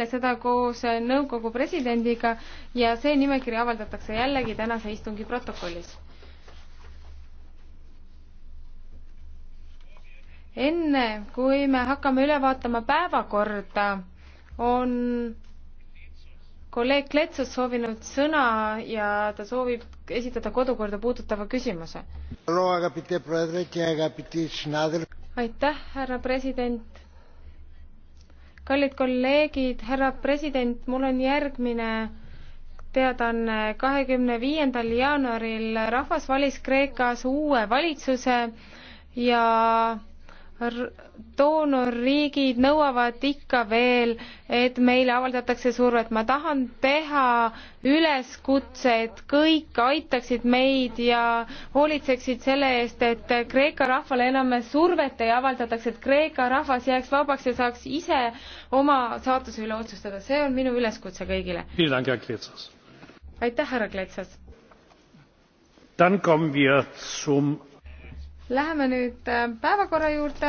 artikle, seda koos nõukogu presidendiga ja see nimekiri avaldatakse jällegi tänase istungi protokollis. enne, kui me hakkame üle vaatama päevakorda, on kolleeg Kletsos soovinud sõna ja ta soovib esitada kodukorda puudutava küsimuse. aitäh, härra president kallid kolleegid, härra president, mul on järgmine teadaanne. kahekümne viiendal jaanuaril rahvas valis Kreekas uue valitsuse ja doonorriigid nõuavad ikka veel, et meile avaldatakse survet. ma tahan teha üleskutse, et kõik aitaksid meid ja hoolitseksid selle eest, et Kreeka rahvale enam survet ei avaldataks, et Kreeka rahvas jääks vabaks ja saaks ise oma saatuse üle otsustada. see on minu üleskutse kõigile. aitäh, härra Kletsas! Dann kommen wir zum Läheme nüüd äh, päevakorra juurde.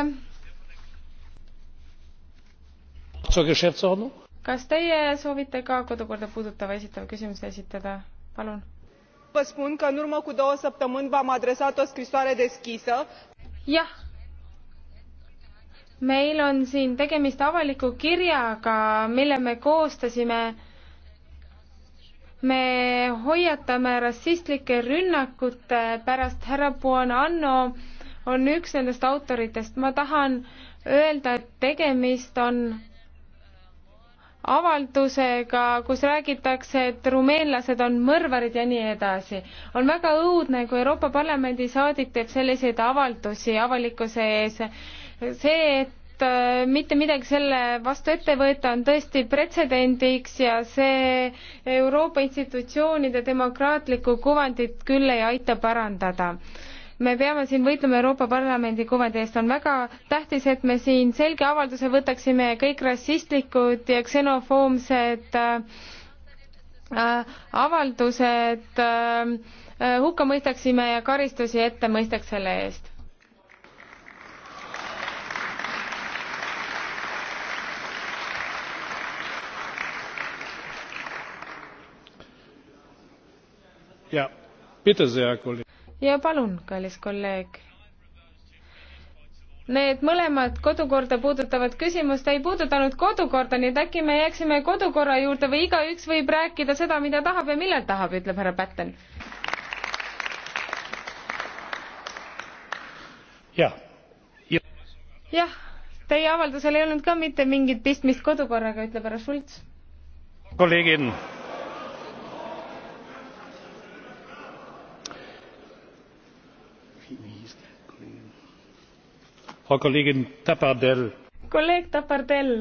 kas teie soovite ka kodukorda puudutava esitava küsimuse esitada? palun. vă spun că în urmă cu două săptămâni v-am adresat o scrisoare deschisă. jah. meil on siin tegemist avaliku kirjaga, mille me koostasime me hoiatame rassistlike rünnakute pärast, härra Buonanno on üks nendest autoritest, ma tahan öelda, et tegemist on avaldusega, kus räägitakse, et rumeenlased on mõrvarid ja nii edasi. on väga õudne, kui Euroopa Parlamendi saadik teeb selliseid avaldusi avalikkuse ees. see, et Äh, mitte midagi selle vastu ette võtta, on tõesti pretsedendiks ja see Euroopa institutsioonide demokraatlikku kuvandit küll ei aita parandada me peame siin võitlema Euroopa Parlamendi kuvandi eest, on väga tähtis, et me siin selge avalduse võtaksime ja kõik rassistlikud ja ksenofoomsed äh, äh, avaldused äh, äh, hukka mõistaksime ja karistusi ette mõistaks selle eest ja palun, kallis kolleeg. Need mõlemad kodukorda puudutavad küsimust ei puudutanud kodukorda, nii et äkki me jääksime kodukorra juurde või igaüks võib rääkida seda, mida tahab ja millal tahab, ütleb härra Patten. jah jah, teie avaldusel ei olnud ka mitte mingit pistmist kodukorraga, ütleb härra Schulz. kolleegid frau kollegin tapperdell! kolleeg tapperdell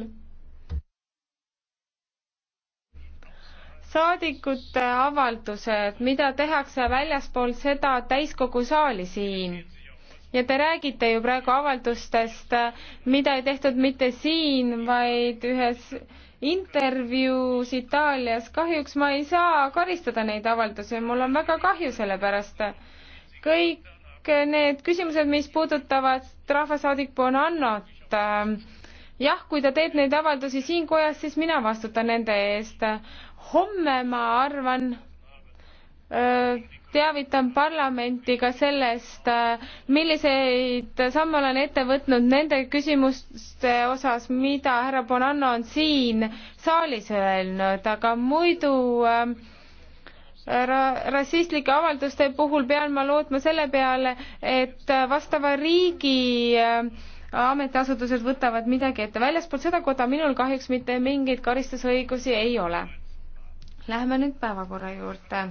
saadikute avaldused mida tehakse väljaspool seda täiskogu saali siin ja te räägite ju praegu avaldustest mida ei tehtud mitte siin vaid ühes intervjuus Itaalias. kahjuks ma ei saa karistada neid avaldusi, mul on väga kahju selle pärast. kõik kõik need küsimused, mis puudutavad rahvasaadik Bonannot. Ähm, jah, kui ta teeb neid avaldusi siin kojas, siis mina vastutan nende eest. homme, ma arvan, äh, teavitan parlamenti ka sellest, äh, milliseid samme olen ette võtnud nende küsimuste osas, mida härra Bonanno on siin saalis öelnud, aga muidu äh, ra-, rassistlike avalduste puhul pean ma lootma selle peale, et vastava riigi äh, ametiasutused võtavad midagi ette. väljaspool seda koda minul kahjuks mitte mingeid karistusõigusi ei ole. Lähme nüüd päevakorra juurde